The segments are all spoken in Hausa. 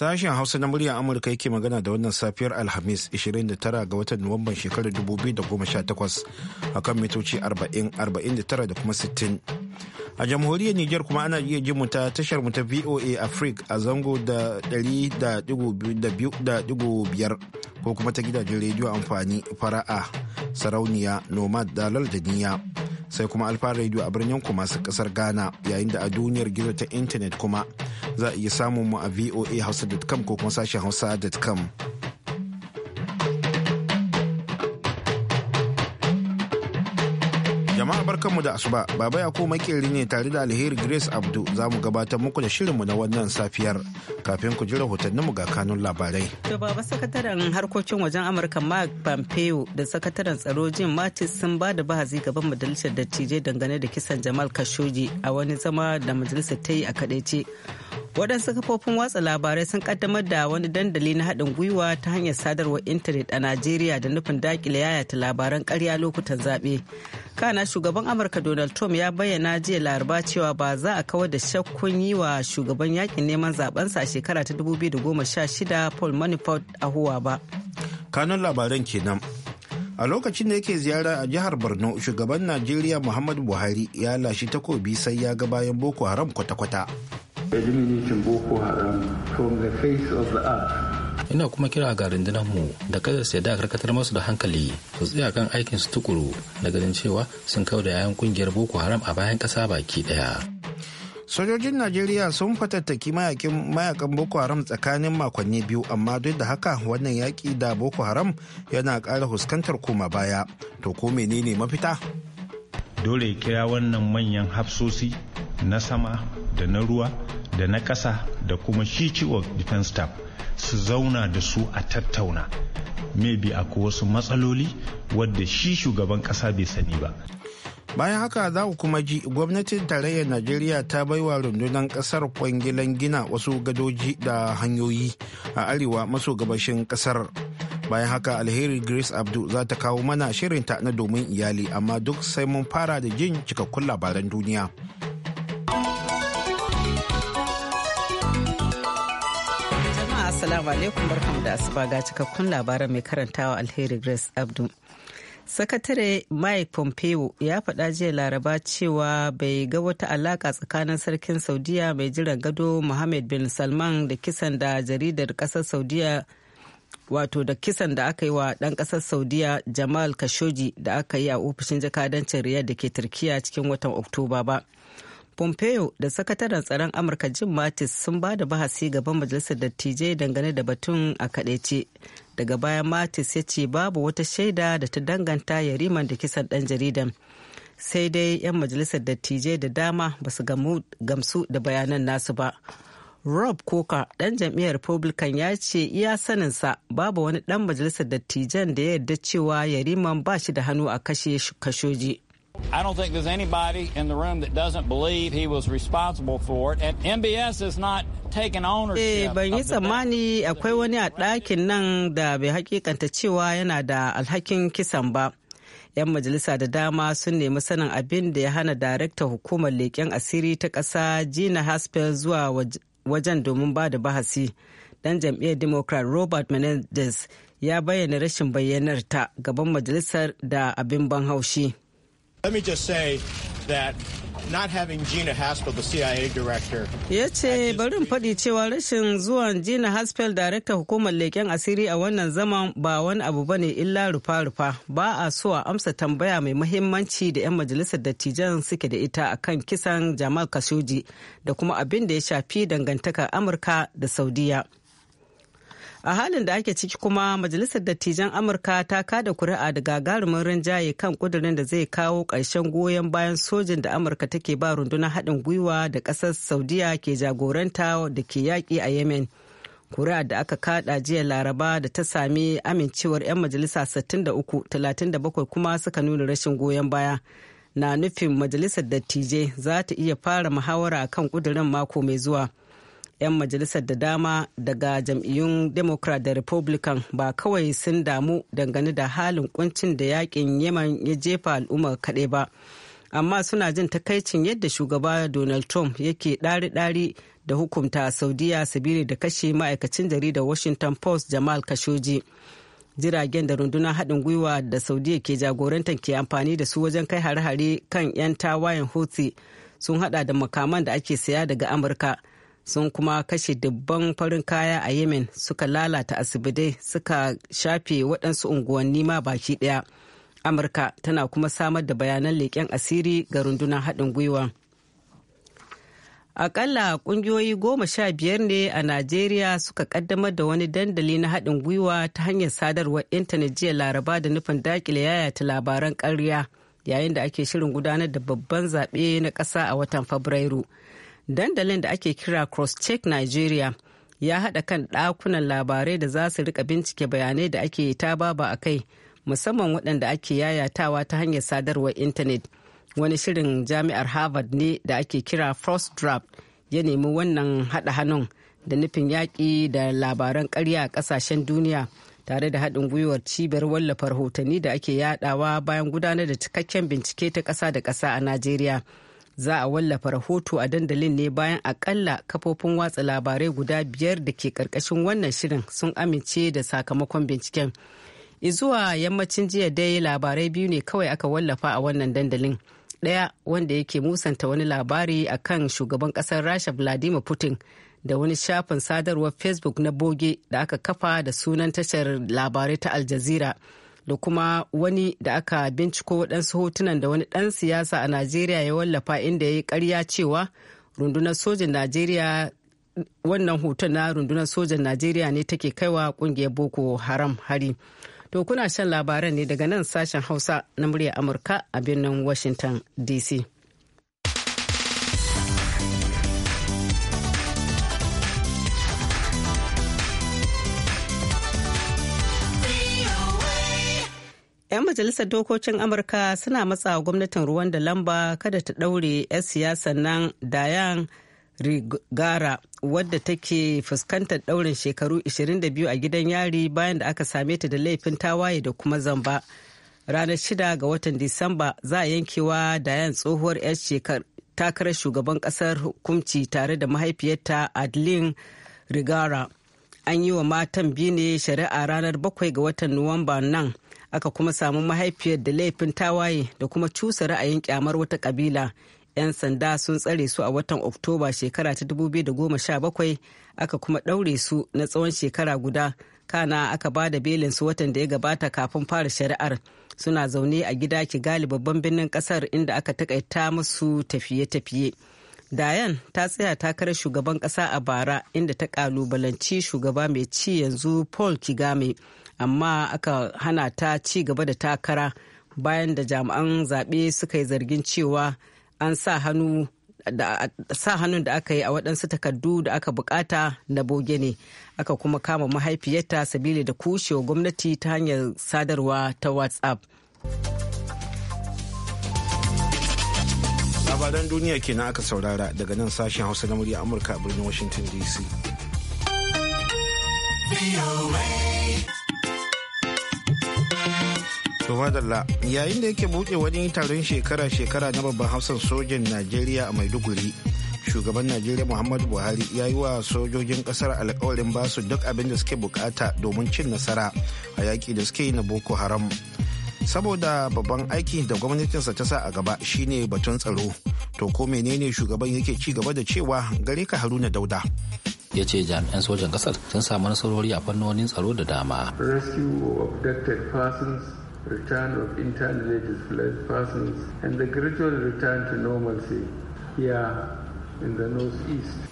Sashen Hausa na muryar Amurka yake magana da wannan safiyar Alhamis 29 ga watan Nuwamban shekarar 2018 kan mitoci 40-49 da kuma 60. A jamhuriyar Nijar kuma ana iya jin ta tashar mu ta VOA Africa a zango da 100.5 ko kuma ta gidajen rediyo amfani fara'a sarauniya nomad dalal da niyya. sai kuma alfa radio a birnin kuma su kasar ghana yayin da a duniyar gizo ta intanet kuma za a iya samun mu a voa hausa.com ko kuma sashen hausa.com Jama'a barkanmu da asuba, Baba Yakubu makeri ne tare da Alheri Grace Abdu za mu gabatar muku da shirinmu na wannan safiyar kafin ku ji mu ga kanun labarai. To Baba Sakataren Harkokin wajen Amurka Mark Pompeo da Sakataren Tsaro Jim Mattis sun ba da bahazi gaban Majalisar Dattijai dangane da kisan Jamal Khashoggi a wani zama da majalisar ta yi a kadaice. waɗansu kafofin watsa labarai sun kaddamar da wani dandali na haɗin gwiwa ta hanyar sadarwar intanet a najeriya da nufin dakile yayata labaran ƙarya lokutan zaɓe kana shugaban amurka donald trump ya bayyana jiya laraba cewa ba za a kawar da shakkun yi wa shugaban yakin neman zabensa a shekara ta 2016 paul manafort huwa ba kanun labaran kenan a lokacin da yake ziyara a jihar borno shugaban najeriya muhammadu buhari ya lashe takobi sai ya ga bayan boko haram kwata-kwata eliminating boko haram from the face of the earth ina kuma kira ga rundunar mu da kada su yadda karkatar masu da hankali su tsaya kan aikin su tukuru na ganin cewa sun kau da yayan kungiyar boko haram a bayan kasa baki daya sojojin najeriya sun fatattaki mayakan boko haram tsakanin makonni biyu amma duk da haka wannan yaƙi da boko haram yana ƙara fuskantar koma baya to ko menene mafita dole kira wannan manyan hafsosi na sama da na ruwa da na ƙasa da kuma shi ciwo defense staff su zauna da su a tattauna maybe akwai wasu matsaloli wadda shi shugaban ƙasa bai sani ba bayan haka za ku kuma ji gwamnatin tarayyar najeriya ta baiwa rundunar kasar kwangilan gina wasu gadoji da hanyoyi a arewa maso gabashin kasar bayan haka alheri grace abdu za ta kawo mana shirinta na domin iyali amma duk sai mun fara da jin cikakkun labaran duniya. Assalamu alaikum da asuba ga cikakkun labaran mai karantawa alheri Grace Abdu. Sakatare Mike Pompeo ya faɗa jiya laraba cewa bai ga wata alaƙa tsakanin sarkin Saudiya mai jiran gado Mohammed bin Salman da kisan da jaridar ƙasar Saudiya wato da kisan da aka yi wa ɗan ƙasar Saudiya Jamal Khashoggi da aka yi a ofishin jakadancin Riyadh da ke Turkiya cikin watan Oktoba ba. pompeo da sakataren tsaron amurka jim mattis sun ba da bahasi gaban majalisar dattijai dangane da batun a kadaice daga baya mattis ya ce babu wata shaida da ta danganta yariman da kisan dan jaridan sai dai 'yan majalisar dattijai da dama ba su gamsu da bayanan nasu ba rob coker dan jam'iyyar republican ya ce iya saninsa babu wani dan majalisar dattijan da ya yarda cewa yariman ba shi da hannu a kashe kashoji I don't think there's anybody in the room that doesn't believe he was responsible for it. And MBS is not taking ownership. Eh, ban yi tsammani akwai wani a ɗakin nan da bai hakikanta cewa yana da alhakin kisan ba. 'Yan majalisa da dama sun nemi sanin abin da ya hana darakta hukumar leƙen asiri ta ƙasa Gina Haspel zuwa wajen domin ba da bahasi. Dan jam'iyyar Democrat Robert Menendez ya bayyana rashin bayyanar ta gaban majalisar da abin ban haushi. Let me just say that not having Gina Haspel, the CIA director. Ya ce bari in faɗi cewa rashin zuwan Gina Haspel, darakta hukumar leƙen asiri a wannan zaman ba wani abu bane illa rufa-rufa. Ba a so a amsa tambaya mai mahimmanci da 'yan majalisar dattijan suke da ita akan kisan Jamal Khashoggi da kuma abin da ya shafi dangantakar Amurka da Saudiya. a halin da ake ciki kuma majalisar dattijan amurka ta kada kuri'a da gagarumin rinjaye kan kudirin da zai kawo ƙarshen goyon bayan sojin da amurka take ba rundunar haɗin gwiwa da ƙasar saudiya ke jagoranta da ke yaƙi a yemen kuri'a da aka kada jiya laraba da ta sami amincewar 'yan majalisa 63 37 kuma suka nuna rashin goyon baya na nufin majalisar dattijai za ta iya fara muhawara kan kudirin mako mai zuwa 'yan majalisar da dama daga jam'iyyun democrat da republican ba kawai sun damu dangane da halin kuncin da yakin yaman ya jefa al'ummar kaɗai ba amma suna jin takaicin yadda shugaba donald trump yake ɗari-ɗari da hukunta saudiya sabili da kashe ma'aikacin jaridar washington post jamal kashoji jiragen da rundunar haɗin gwiwa da saudiya ke jagorantar ke amfani da su wajen kai hare-hare kan 'yan tawayen houthi sun hada da makaman da ake saya daga amurka sun kuma kashe dubban farin kaya a yemen suka lalata asibitai suka shafe waɗansu unguwanni ma baki ɗaya amurka tana kuma samar da bayanan leƙen asiri ga rundunar haɗin gwiwa akalla ƙungiyoyi goma sha biyar ne a najeriya suka ƙaddamar da wani dandali na haɗin gwiwa ta hanyar sadarwar intanet jiya laraba da nufin dakile yayata labaran ƙarya yayin da ake shirin gudanar da babban zaɓe na ƙasa a watan fabrairu dandalin da ake kira crosscheck nigeria ya haɗa kan ɗakunan labarai da za su rika bincike bayanai da ake ta baba a kai musamman waɗanda ake yayatawa ta hanyar sadarwar intanet wani shirin jami'ar harvard ne da ake kira first draft ya nemi wannan haɗa hannun da nufin yaƙi da labaran ƙarya a ƙasashen duniya tare da haɗin gwiwar cibiyar wallafa rahotanni da ake yadawa bayan gudanar da cikakken bincike ta ƙasa da ƙasa a najeriya za a wallafa rahoto a dandalin ne bayan akalla kafofin watsa labarai guda biyar da ke karkashin wannan shirin sun amince da sakamakon binciken izuwa yammacin jiya dai labarai biyu ne kawai aka wallafa a wannan dandalin ɗaya wanda yake musanta wani labari a kan shugaban ƙasar rasha vladimir putin da wani shafin sadarwar facebook na boge da aka kafa da sunan tashar labarai ta al da kuma wani da aka binciko waɗansu hotunan da wani ɗan siyasa a najeriya ya wallafa inda ya yi karya cewa rundunar sojan najeriya wannan hoton na rundunar sojan najeriya ne take kaiwa ƙungiyar boko haram hari to kuna shan labaran ne daga nan sashen hausa na murya amurka a birnin washington dc 'Yan majalisar dokokin Amurka suna matsa gwamnatin ruwan da lamba kada ta ɗaure 'yan siyasan nan Dayan Rigara wadda take fuskantar ɗaurin shekaru 22 a gidan yari bayan da aka same ta da laifin tawaye da kuma zamba. Ranar 6 ga watan Disamba za a yankewa Dayan tsohuwar 'yan takarar shugaban ƙasar hukumci tare da mahaifiyarta Adeline Rigara. An yi wa matan biyu ne shari'a ranar 7 ga watan Nuwamba nan. aka kuma samu mahaifiyar da laifin tawaye da kuma cusa ra'ayin kyamar wata kabila 'yan sanda sun tsare su a watan oktoba shekara ta 2017 aka kuma ɗaure su na tsawon shekara guda kana aka ba da belin su watan da ya gabata kafin fara shari'ar suna zaune a gida ki gali babban birnin kasar inda aka takaita musu tafiye-tafiye dayan ta tsaya takarar shugaban kasa a bara inda ta kalubalanci shugaba mai ci yanzu paul kigame amma aka hana ta ci gaba da takara bayan da jami'an zaɓe suka yi zargin cewa an sa hannu sa hannun da aka yi a waɗansu takardu da aka bukata na boge ne aka kuma kama mahaifiyarta sabili da kushewa gwamnati ta hanyar sadarwa ta whatsapp labaran duniya kenan aka saurara daga nan sashen hausa na murya amurka a birnin washington dc To yayin da yake buɗe wani taron shekara-shekara na babban hafsan sojin Najeriya a Maiduguri. Shugaban Najeriya Muhammadu Buhari ya yi wa sojojin ƙasar alkawarin basu duk abin da suke bukata domin cin nasara a yaƙi da suke yi na Boko Haram. Saboda babban aiki da gwamnatinsa ta sa a gaba shine batun tsaro. To ko menene shugaban yake ci gaba da cewa gare ka Haruna Dauda. ya ce jami'an sojan kasar sun samu nasarori a fannonin tsaro da dama. return of internally displaced persons, and the gradual return to normalcy. Here,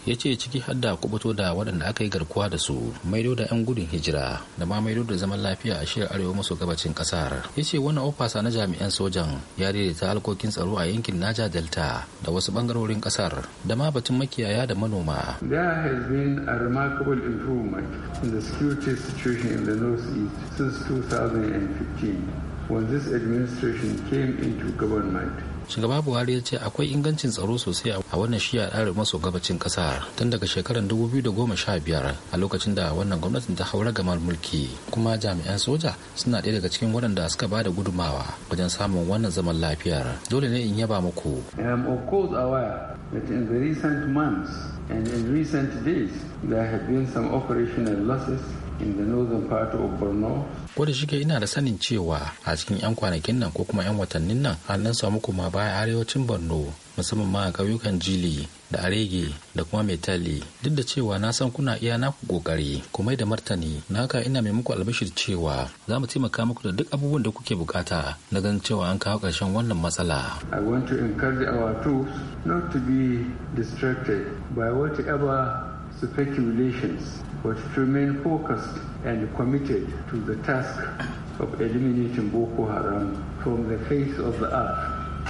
ya ce ciki hadda kubuto da waɗanda aka yi garkuwa da su maido da 'yan gudun hijira da ma maido da zaman lafiya a shirin arewa maso gabacin kasar ya ce wani ofasa na jami'an sojan ya daidaita alkokin tsaro a yankin naja delta da wasu bangarorin kasar da ma batun makiyaya da manoma the when this administration came into government shugaba buhari ya ce akwai ingancin tsaro sosai a wannan shiya arewa maso gabacin kasa tun daga shekarar 2015 a lokacin da wannan gwamnatin ta haura ragamar mulki kuma jami'an soja suna ɗaya daga cikin waɗanda suka ba da gudumawa wajen samun wannan zaman lafiyar dole ne in yaba muku um, that in the recent months and in recent days there have been some operational losses in the northern Borno. Ko shike ina da sanin cewa a cikin 'yan kwanakin nan ko kuma 'yan watannin nan an nan samu kuma baya arewacin Borno musamman ma a ƙauyukan Jili da Arege da kuma Metali duk da cewa na san kuna iya naku kokari kuma da martani na haka ina mai muku albashir cewa za mu taimaka muku da duk abubuwan da kuke bukata na ganin cewa an kawo ƙarshen wannan matsala. I want to encourage our troops not to be distracted by whatever relations but to remain focused and committed to the task of eliminating Boko Haram from the face of the earth.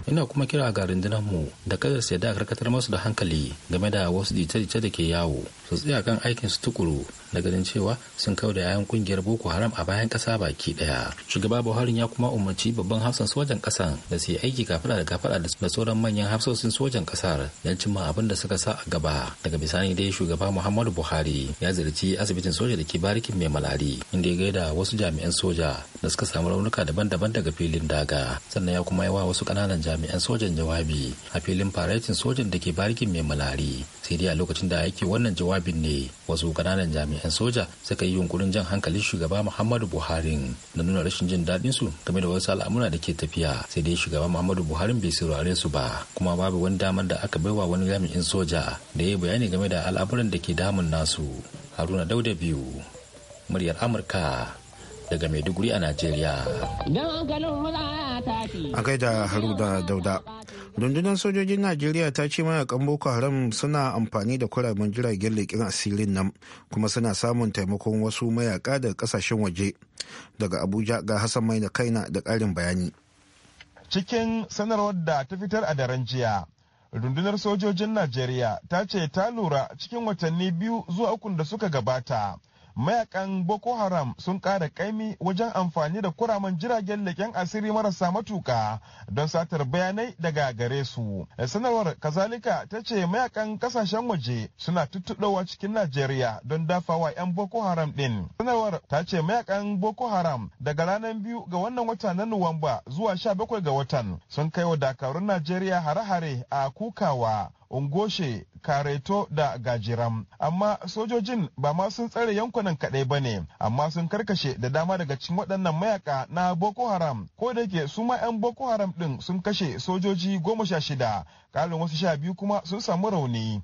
ina kuma kira ga rundunar da kada su da karkatar masu da hankali game da wasu jice-jice da ke yawo su tsaya kan aikin su tukuru na ganin cewa sun kau da yayan kungiyar boko haram a bayan kasa baki daya shugaba buhari ya kuma umarci babban hafsan sojan kasan da su yi aiki kafada da kafada da sauran manyan hafsosin sojan kasar don cimma abin da suka sa a gaba daga bisani dai shugaba muhammadu buhari ya ziyarci asibitin soja da ke barikin mai malari inda ya gaida wasu jami'an soja da suka samu raunuka daban-daban daga filin daga sannan ya kuma yi wa wasu kananan jami'an sojan jawabi a filin faretin sojan da ke barikin mai malari sai dai a lokacin da yake wannan jawabi kuma binne wasu kananan jami'an soja suka yi yunkurin jan hankalin shugaba muhammadu buhari na nuna rashin jin daɗin su game da wasu al'amura da ke tafiya sai dai shugaba muhammadu buhari bai saurare su ba kuma babu wani damar da aka baiwa wani jami'in soja da ya yi bayani game da al'amuran da ke damun nasu haruna dauda biyu muryar amurka daga maiduguri a najeriya a gaida haruna dauda rundunar sojojin najeriya ta ce mayakan boko haram suna amfani da kwaraben jiragen leƙin asirin nan kuma suna samun taimakon wasu mayaka daga kasashen waje daga abuja ga hassan mai da kaina da ƙarin bayani cikin sanarwar da ta fitar a daren jiya rundunar sojojin najeriya ta ce ta lura cikin watanni biyu zuwa ukun da suka gabata mayakan boko haram sun ƙara kaimi wajen amfani da kuraman jiragen leƙen asiri marasa matuka don satar bayanai daga gare su sanarwar kazalika ta ce mayakan kasashen waje suna tuttuɗowa cikin najeriya don dafawa 'yan boko haram ɗin sanarwar ta ce mayakan boko haram daga ranar biyu ga wannan wata na nuwamba zuwa sha bakwai ga watan sun kai wa dakarun najeriya hare-hare a kukawa Ungoshe, Kareto da Gajiram. Amma sojojin ba ma sun tsare yankunan kaɗai ba ne, amma sun karkashe da dama daga cikin waɗannan mayaka na Boko Haram. Ko da ke su ma 'yan Boko Haram ɗin sun kashe sojoji goma sha shida kalin wasu sha biyu kuma sun samu rauni.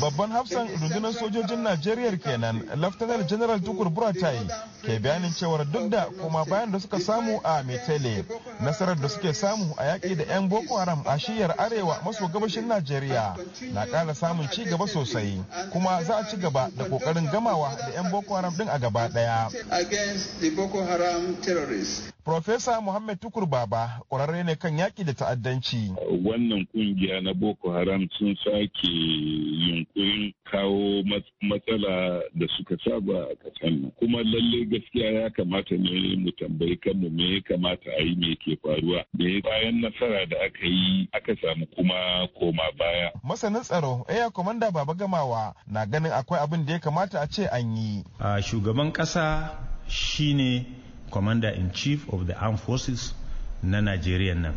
Babban hafsan rundunar sojojin Najeriya kenan, Laftanar General Tukur Buratai ke bayanin cewar duk da kuma bayan da suka samu a Metele, nasarar da suke samu a yaƙi da 'yan Boko Haram a shiyar arewa maso gabashin Najeriya na ƙara samun ci gaba sosai, kuma za a ci gaba da ƙoƙarin gamawa da 'yan Boko Haram din a gaba ɗaya. terrorists. Profesa Muhammad Tukur Baba ƙwararre ne kan yaƙi da ta'addanci. Wannan ƙungiya na Boko Haram sun sake yunkurin kawo matsala da suka saba a ƙasar nan. Kuma lalle gaskiya ya kamata ne mu tambayi kanmu me ya kamata a yi me ke faruwa. Me bayan nasara da aka yi aka samu kuma koma baya. Masanin tsaro Eya Komanda Baba Gamawa na ganin akwai abin da ya kamata a ce an yi. Shugaban ƙasa shine commander in chief of the armed forces na najeriya nan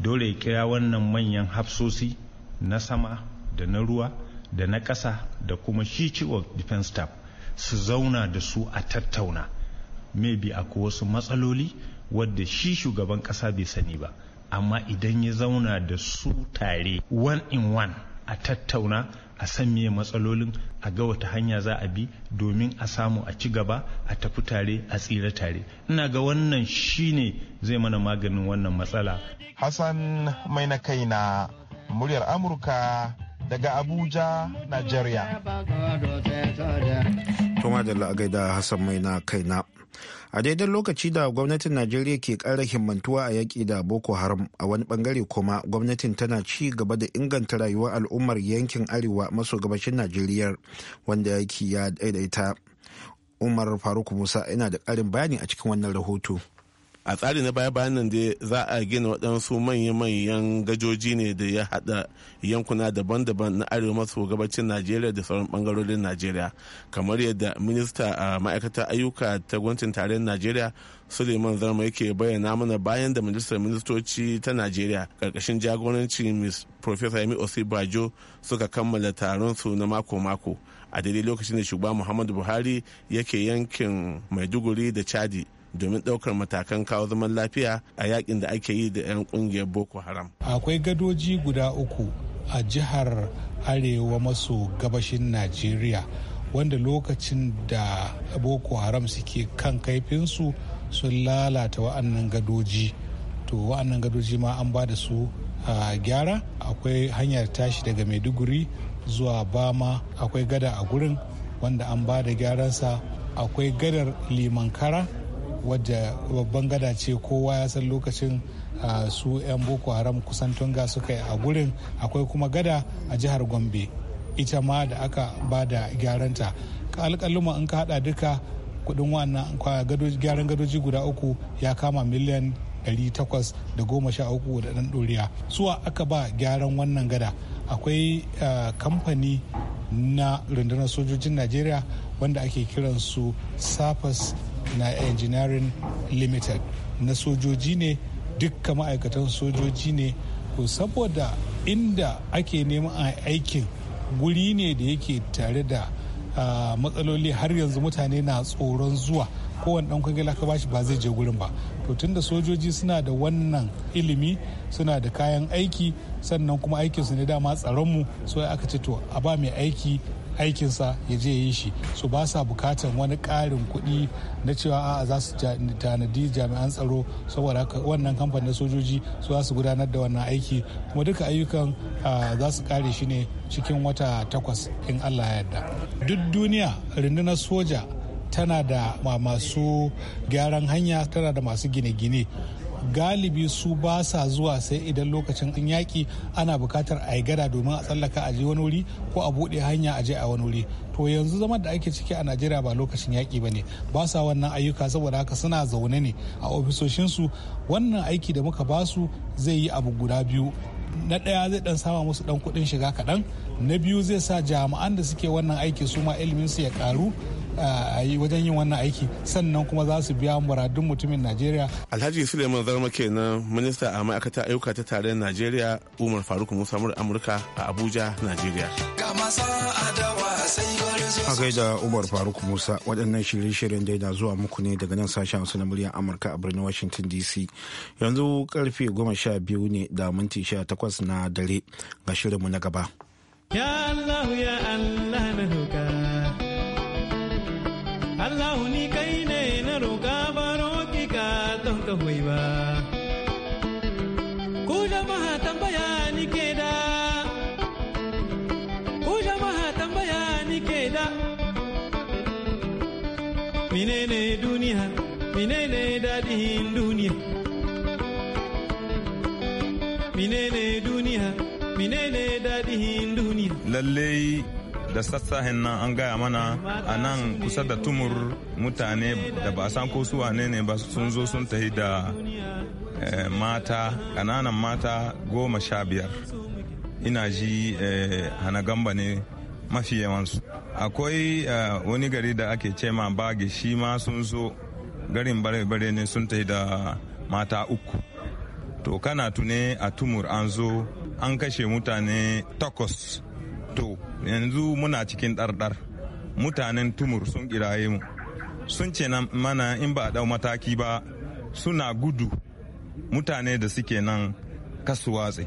dole ya kira wannan manyan hafsosi na sama da na ruwa da na ƙasa da kuma shi chief of defense staff su zauna da su a tattauna maybe akwai wasu matsaloli wadda shi shugaban ƙasa bai sani ba amma idan ya zauna da su tare one in one a tattauna a san me matsalolin a ga wata hanya za a bi domin a samu a ci gaba a tafi tare a tsira tare ina ga wannan shine zai mana maganin wannan matsala hassan mai na kaina muryar amurka daga abuja nigeria tuma da a gaida hassan mai na kaina a daidai lokaci da gwamnatin najeriya ke ƙara himmantuwa a yaƙi da boko haram a wani bangare kuma gwamnatin tana ci gaba da inganta rayuwar al'ummar yankin arewa maso gabashin najeriya wanda yaki ya daidaita umar faruk musa yana da ƙarin bayani a cikin wannan rahoto a tsari na baya-bayan nan dai za a gina waɗansu manya-manyan gajoji ne da ya haɗa yankuna daban-daban na arewa maso gabacin najeriya da sauran ɓangarorin najeriya kamar yadda minista a ma'aikatar ayyuka ta gwamnatin tarayyar najeriya suleiman zarma yake bayyana mana bayan da majalisar ministoci ta najeriya ƙarƙashin jagoranci miss professor yami osibajo suka kammala taron su na mako-mako a daidai lokacin da shugaba muhammadu buhari yake yankin maiduguri da chadi domin ɗaukar matakan kawo zaman lafiya a yakin da ake yi da 'yan ƙungiyar boko haram akwai gadoji guda uku a jihar arewa maso gabashin najeriya wanda lokacin da boko haram suke kan kaifinsu sun lalata wa'annan gadoji to wa'annan gadoji ma an ba da su a gyara akwai hanyar tashi daga maiduguri zuwa bama akwai gada a gurin wanda an ba da gyaransa akwai gadar limankara wadda babban gada ce kowa ya san lokacin su 'yan boko haram kusan tunga suka yi a gurin akwai kuma gada a jihar gombe ita ma da aka ba da gyaranta alƙaluma in ka hada duka kudin wannan gyaran gadoji guda uku ya kama miliyan 813 da ɗan ɗoriya suwa aka ba gyaran wannan gada akwai kamfani na rundunar sojojin najeriya wanda ake kiransu safas na engineering limited na sojoji ne dukka ma'aikatan sojoji ne ko saboda inda ake neman aikin guri ne da yake tare da matsaloli har yanzu mutane na tsoron zuwa kowane dan kwangila aka bashi ba zai je gurin ba to tunda sojoji suna da wannan ilimi suna da kayan aiki sannan kuma aikinsu ne dama tsaronmu so aka ce to a ba mai aiki aikinsa ya je yi shi su ba sa bukatan wani karin kuɗi na cewa a'a za su tanadi jami'an tsaro saboda wannan kamfanin sojoji su za su gudanar da wannan aiki kuma duka ayyukan ah, za su kare shi ne cikin wata takwas in allah ya yarda duk duniya rundunar soja tana da masu gyaran hanya tana da masu gine-gine galibi su ba sa zuwa sai idan lokacin yaƙi ana buƙatar a yi gada domin a tsallaka a je wani wuri ko a buɗe hanya a je a wani wuri to yanzu zaman da ake ciki a najeriya ba lokacin yaƙi ba ne ba sa wannan ayyuka saboda haka suna zaune ne a ofisoshinsu wannan aiki da muka ba su zai yi abu guda biyu na ɗaya zai ɗan sama musu ɗan kuɗin shiga kaɗan na biyu zai sa jami'an da suke wannan aiki su ma ilimin su ya ƙaru a yi wajen yin wannan aiki sannan kuma za su biya muradun mutumin najeriya alhaji suleiman zarma kenan minista a ma'aikatar ayyuka ta tarayyar najeriya umar faruk musa amurka a abuja najeriya a gaida umar faruk musa waɗannan shirye-shiryen daida zuwa muku ne daga nan sashen hausa na muryar amurka a birnin washington dc yanzu karfe goma sha biyu ne da minti sha takwas na dare ga shirinmu na gaba ya allah ya allah na hukar Allah ni kai ne na roƙa baro ki ka don ka hoyi ba. Ku jama'a tambaya ni ke da, ku jama'a tambaya ni ke da. Menene duniya, menene daɗin duniya. Menene duniya, menene daɗin duniya. Lallai da sassahen nan an gaya mana a nan kusa da tumur mutane da ba san ko su wane ne ba sun zo sun tahi da eh, mata ƙananan mata goma sha biyar ina ji eh, hanagamba ne mafi yawansu akwai eh, wani gari da ake ce ma bagi shi ma sun zo garin bare-bare ne sun tahi da mata uku to kana tune a tumur an zo an kashe mutane takwas to yanzu muna cikin ɗarɗar mutanen tumur sun kiraye mu sun ce mana in ba a ɗau mataki ba suna gudu mutane da suke nan kasu watse.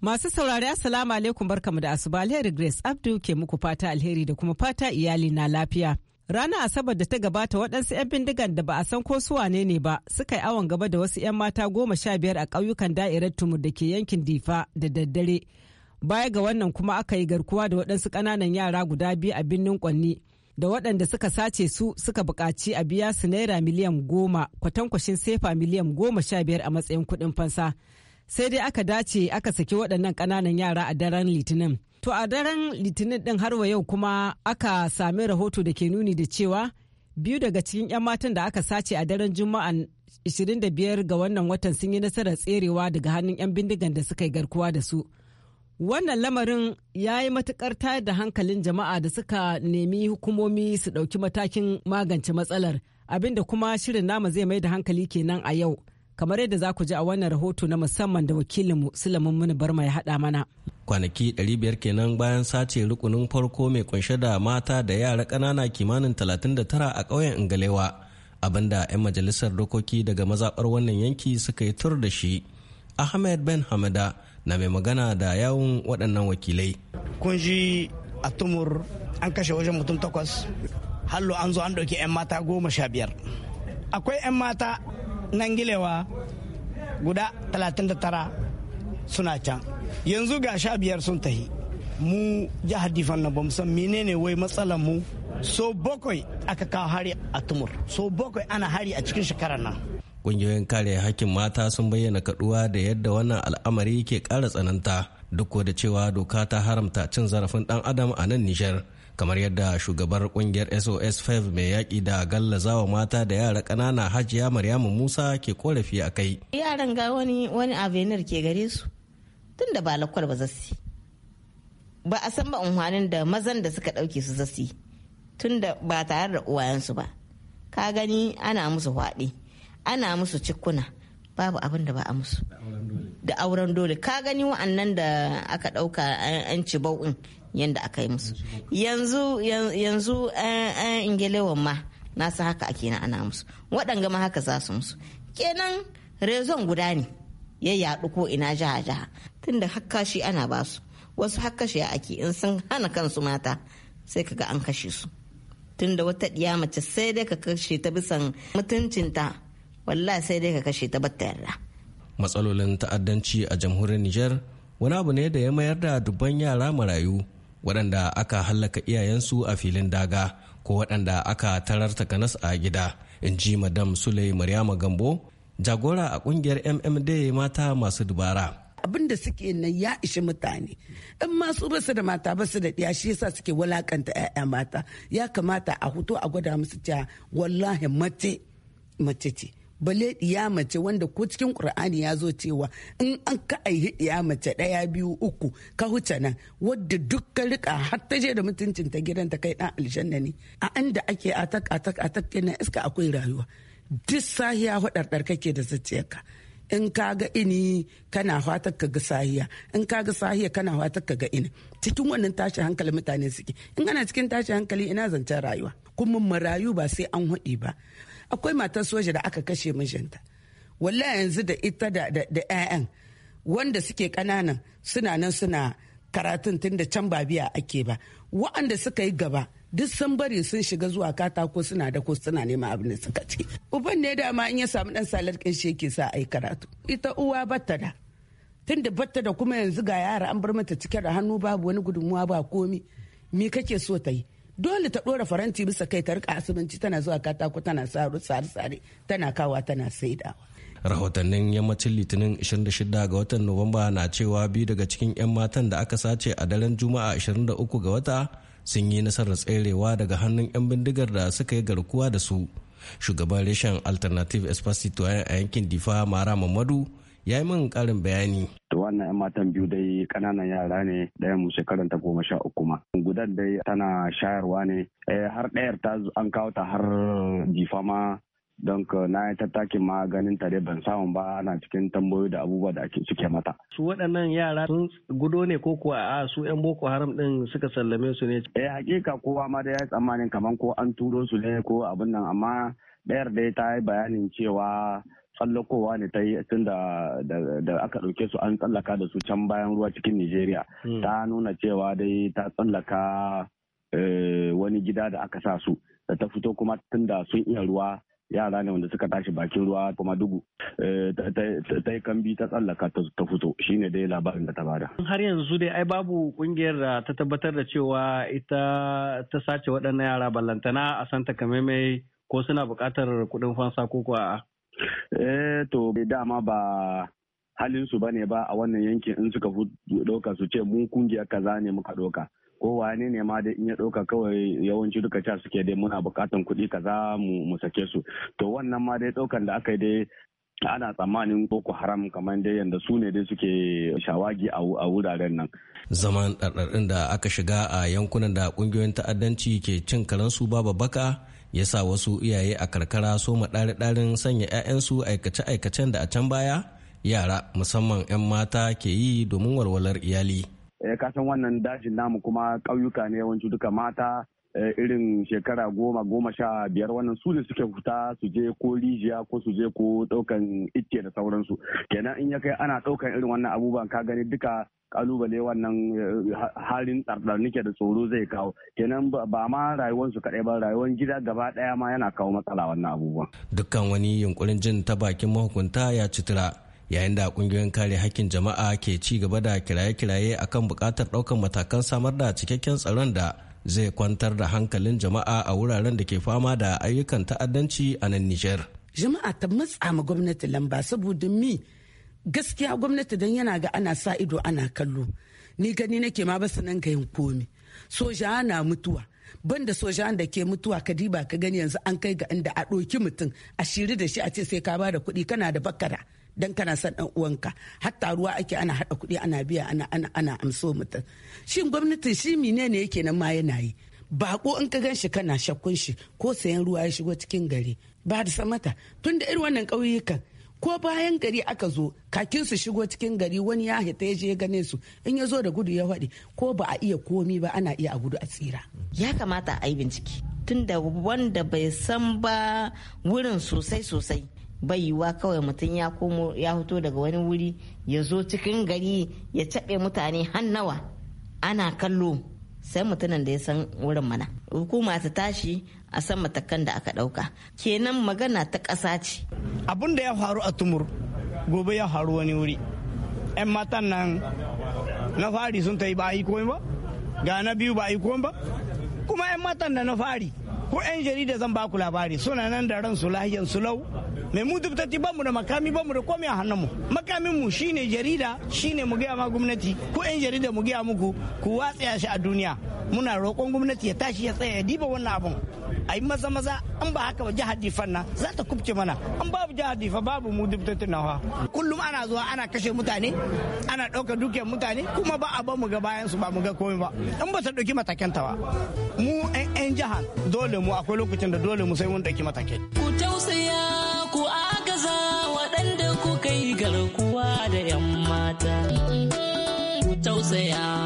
Masu saurari Assalamu alaikum barkamu da asuba alheri Grace Abdu ke muku fata alheri da kuma fata iyali na lafiya. Ranar Asabar da ta gabata waɗansu 'yan bindigan da ba a san ko su wane ne ba suka yi awon gaba da wasu 'yan mata goma sha biyar a ƙauyukan da'irar tumur da ke yankin Difa da daddare. baya ga wannan kuma aka yi garkuwa da waɗansu ƙananan yara guda biyu a birnin kwanni da waɗanda suka sace su suka buƙaci a biya su naira miliyan goma kwatankwashin sefa miliyan goma sha biyar a matsayin kuɗin fansa sai dai aka dace aka saki waɗannan ƙananan yara a daren litinin to a daren litinin ɗin har wa yau kuma aka sami rahoto da ke nuni da cewa biyu daga cikin 'yan matan da aka sace a daren juma'a 25 ga wannan watan sun yi nasarar tserewa daga hannun 'yan bindigan da suka yi garkuwa da su Wannan lamarin ya yi matukar tayar da hankalin jama'a da suka nemi hukumomi su ɗauki matakin magance matsalar abinda kuma shirin nama zai mai da hankali kenan a yau. kamar yadda za ku ji a wannan rahoto na musamman da wakilinmu Sulaiman Muni Barma ya haɗa mana. Kwanaki 500 kenan bayan sace rukunin farko mai kunshe da mata da yara ƙanana kimanin 39 a ƙauyen Ingalewa, abinda 'yan majalisar dokoki daga mazaɓar wannan yanki suka yi tur da shi. ahmed ben hamada na mai magana da yawun waɗannan wakilai kun ji a tumur an kashe wajen mutum takwas hallo an zo an ɗauki 'yan mata goma sha biyar akwai 'yan mata nan gilewa guda 39 suna can yanzu ga sha biyar sun tahi mu jihar difan na bamu san menene wai matsalar mu so bakwai aka kawo hari a tumur so bakwai ana hari a cikin shekarar nan Ƙungiyoyin kare hakkin mata sun bayyana kaduwa da yadda wannan al'amari ke kara tsananta duk da cewa doka ta haramta cin zarafin ɗan adam a nan Nijar. kamar yadda shugabar kungiyar sos 5 mai yaƙi da gallazawa mata da yara ƙanana hajiya maryamu musa ke korafi a kai yaran ga wani wani avenir ke gare su tun da ba za ba ba a san ba unhwanin da mazan da suka ɗauke su su tun da ba tare da uwayensu ba ka gani ana musu hwaɗe ana musu cikuna babu abin da ba a musu da auren dole ka gani wa'annan da aka ɗauka an ci bau'in yadda aka yi musu yanzu an ingilewan ma nasu haka ake na ana musu waɗanga ma haka za su musu kenan rezon guda ne ya yaɗu ko ina jiha jiha tunda hakkashi ana ba su wasu hakkashi ake in sun hana kansu mata sai kaga an kashe su tunda wata ɗiya mace sai dai ka kashe ta bisan mutuncinta wallahi sai dai ka kashe ta batta yarda matsalolin ta'addanci a jamhuriyar Nijar wani abu ne da ya mayar da dubban yara marayu waɗanda aka hallaka iyayensu a filin daga ko waɗanda aka tarar takanas a gida in ji madam sule maryama gambo jagora a ƙungiyar mmd mata masu dubara abin da suke nan ya ishi mutane in masu basu da mata basu da ɗiya shi yasa suke walakanta 'ya'ya mata ya kamata a huto a gwada musu cewa wallahi mace mace ce bale ya mace wanda ko cikin qur'ani ya zo cewa in an ka aihi ya mace ɗaya biyu uku ka huce nan wadda duk ka rika har ta je da mutuncin ta gidan ta kai ɗan aljanna ne a inda ake atak atak atak kenan iska akwai rayuwa duk sahiya hudardar kake da zuciyarka in ka ga ini kana fatar ka ga sahiya in ka ga sahiya kana fatar ka ga ini cikin wannan tashi hankali mutane suke in kana cikin tashi hankali ina zancen rayuwa kuma marayu ba sai an hudi ba akwai matar soja da aka kashe mijinta wallahi yanzu da ita da da 'ya'yan wanda suke kananan suna nan suna karatun tun da can ba biya ake ba wa'anda suka yi gaba duk sun bari sun shiga zuwa katako suna da ko suna neman abin da suka ci uban ne dama in ya samu dan salar kin shi yake sa ai karatu ita uwa batta da tun da batta da kuma yanzu ga yara an bar mata cike da hannu babu wani gudunmuwa ba komi me kake so ta yi dole ta ɗora faranti bisa kai ta rika asibinci tana zuwa katako tana sare-sare tana kawa tana saidawa rahotannin yammacin litinin 26 ga watan nuwamba na cewa biyu daga cikin 'yan matan da aka sace a daren juma'a 23 ga wata sun yi nasarar tserewa daga hannun 'yan bindigar da suka yi garkuwa da su shugaban reshen alternative espacito a yankin difa mara mamadu ya yi min karin bayani wannan yan matan biyu dai kananan yara ne ɗayan mu shekaran ta goma sha uku ma gudan dai tana shayarwa ne eh, har ɗayar ta an kawo ta har jifa ma don na yi tattakin ma ganin ta dai ban samu ba ana cikin tambayoyi da abubuwa da ake suke mata. Su waɗannan yara sun gudo ne ko kuwa a su 'yan Boko Haram ɗin suka sallame su ne? Eh hakika kowa ma da ya yi tsammanin kamar ko an turo su ne ko abin nan amma ɗayar dai ta yi bayanin cewa tsallakowa ne ta yi tun da aka ɗauke su an tsallaka da su can bayan ruwa cikin nijeriya hmm. ta nuna cewa dai ta tsallaka eh, wani gida da aka sa su da ta fito kuma tun da sun iya ruwa yara ne wanda suka tashi bakin ruwa kuma dugu eh, ta yi kambi ta tsallaka ta fito shine dai labarin da ta bada. har yanzu dai ai babu kungiyar da ta tabbatar da cewa ita ta sace waɗannan yara ballantana a santa kameme ko suna buƙatar kuɗin fansa ko kuwa Eh to dama ba halin su bane ba a wannan yankin in suka doka su ce mun kungiya kaza ne muka doka ko wane ne ma da in ya doka kawai yawanci duka ca suke dai muna bukatan kuɗi kaza mu sake su to wannan ma dai ɗaukan da aka yi dai ana tsammanin boko haram kamar dai yadda su ne dai suke shawagi a wuraren nan zaman ɗarɗarɗin da aka shiga a yankunan da ƙungiyoyin ta'addanci ke cin karansu babu baka ya sa wasu iyaye a karkara so ɗari-ɗarin sanya 'ya'yansu aikace-aikacen da a can baya yara musamman 'yan mata ke yi domin walwalar iyali. ya eh, kasan wannan dajin namu kuma ƙauyuka ne yawanci duka mata Eh, irin shekara goma goma sha biyar wannan su ne suke fita su je ko rijiya ko su je ko daukan icce da sauransu kenan in ya kai ana daukan irin wannan abubuwan ka gani duka kalubale wannan eh, halin tsardar nike da tsoro zai kawo kenan ba ma rayuwarsu kadai ba rayuwar gida gaba daya ma yana kawo matsala wannan abubuwan dukkan wani yunkurin jin ta bakin mahukunta ya citira yayin da kungiyoyin kare hakkin jama'a ke ci gaba da kiraye-kiraye akan bukatar ɗaukar matakan samar da cikakken tsaron da zai kwantar da hankalin jama'a a wuraren da ke fama da ayyukan ta'addanci a nan Nijar. Jama'a ta matsa ma gwamnati lamba saboda mi gaskiya gwamnati don yana ga ana sa ido ana kallo. Ni gani nake ma ba nan ga komi. Soja na mutuwa. ban da soja da ke mutuwa kadiba ka gani yanzu an kai ga inda a ɗoki mutum a shiri da shi a ce sai ka ba da kuɗi kana da bakara dan kana son dan uwanka hatta ruwa ake ana haɗa kuɗi ana biya ana ana ana amso mutum shin gwamnati shi mine ne yake nan ma yana yi bako in ka ganshi kana shakkun shi ko sayan ruwa ya shigo cikin gari ba da samata tunda irin wannan ƙauyukan ko bayan gari aka zo kakin su shigo cikin gari wani ya hita ya je gane su in ya zo da gudu ya faɗi ko ba a iya komi ba ana iya a gudu a tsira ya kamata a yi bincike tunda wanda bai san ba wurin sosai sosai bai yiwuwa kawai mutum ya komo ya fito daga wani wuri ya zo cikin gari ya taɓe mutane hannawa ana kallo sai mutumin da ya san wurin mana hukuma ta tashi a san matakan da aka ɗauka kenan magana ta ƙasa ce abin da ya faru a tumur gobe ya faru wani wuri 'yan matan nan na fari sun ta yi ba a yi komai ba ga na biyu ba a yi komai ba kuma 'yan matan da na fari ko 'yan jarida zan baku labari suna nan da ransu lahiyan su lau mai mu dubtati bamu da makami bamu da komai a hannunmu makamin mu shine jarida shine mu gaya ma gwamnati ko 'yan jarida mu gaya muku ku watsa shi a duniya muna roƙon gwamnati ya tashi ya tsaya ya diba wannan abun a yi maza maza an ba haka ba jihar difan nan za ta kubce mana an babu jihar difa babu mu dubtattun kullum ana zuwa ana kashe mutane ana ɗauka dukiyar mutane kuma ba a mu ga bayan su ba mu ga komai ba in ba ta ɗauki matakan ta ba mu 'yan jihar dole mu akwai lokacin da dole mu sai mun ɗauki matakai. ku tausaya ku agaza waɗanda ku kai garkuwa da 'yan mata ku tausaya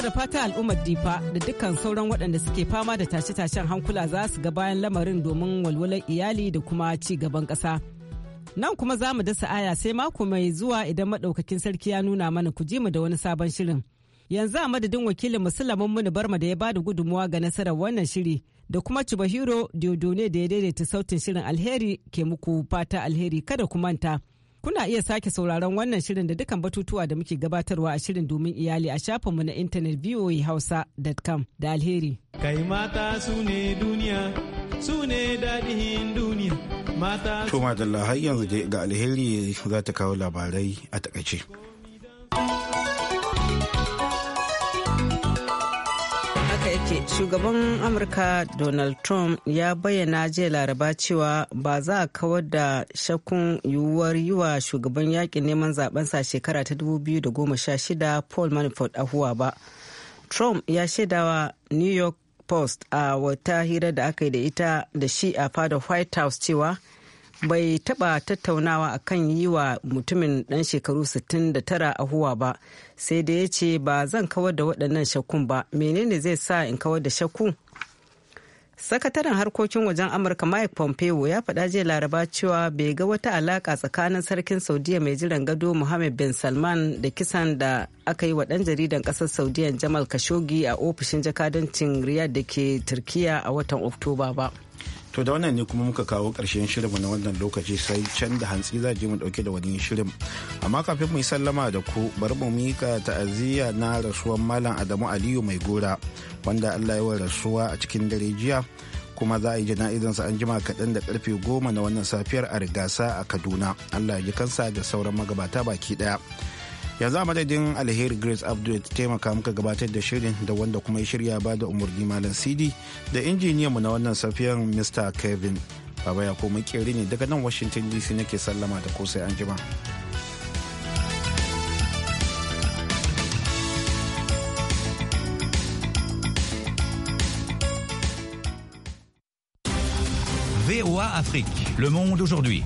To da fata al'ummar Difa da dukkan sauran waɗanda suke fama da tashe-tashen hankula za su ga bayan lamarin domin walwalar iyali da kuma ci gaban ƙasa. Nan kuma za mu dasa aya sai mako mai zuwa idan maɗaukakin sarki ya nuna mana ku ji mu da wani sabon shirin. Yanzu a madadin wakilin musulmin muni barma da ya ba da gudunmuwa ga nasarar wannan shiri da kuma Cibahiro Diodone da ya daidaita sautin shirin alheri ke muku fata alheri kada ku manta. Kuna iya sake sauraron wannan shirin da dukkan batutuwa da muke gabatarwa a shirin domin iyali a shafinmu na intanet voahausa.com da alheri. Kai mata su ne duniya, su ne daɗin duniya. Mata. To madalla har yanzu ga alheri za ta kawo labarai a takaice. shugaban amurka donald trump ya bayyana jiya laraba cewa ba za a kawar da shakkun yiwuwar yi wa shugaban yakin neman zabensa shekara ta 2016 paul manafort ahuwa ba trump ya shaidawa new york post a wata hira da aka yi da ita da shi a fada white house cewa bai taba tattaunawa akan yi wa mutumin dan shekaru 69 huwa ba sai da ya ce ba zan kawar da waɗannan shakkun ba menene zai sa in kawar da shakku sakataren harkokin wajen amurka mike pompeo ya faɗa jiya laraba cewa bai ga wata alaƙa tsakanin sarkin saudiya mai jiran gado mohammed bin salman da kisan da aka yi wa ɗan jaridan ƙasar saudiya jamal khashoggi a ofishin jakadancin riyadh da ke turkiya a watan oktoba ba To da wannan ne kuma muka kawo ƙarshen shirinmu na wannan lokaci sai can da hantsi za je mu ɗauke da wani shirin. Amma kafin mu yi sallama da ku bari mu mika ta'aziyya na rasuwar Malam Adamu Aliyu mai gora wanda Allah ya wa rasuwa a cikin dare jiya kuma za a yi jana'izansa an jima kaɗan da karfe goma na wannan safiyar a rigasa a Kaduna. Allah ya ji kansa da sauran magabata baki ɗaya. yanzu a madadin alheri grace abdul taimaka muka gabatar da shirin da wanda kuma ya shirya ba da umarni malam cd da injiniyanmu na wannan safiyan mr kevin baba ya komai kere ne daga nan washington dc nake sallama da kosai anjima. jima VOA Afrique. Le monde aujourd'hui.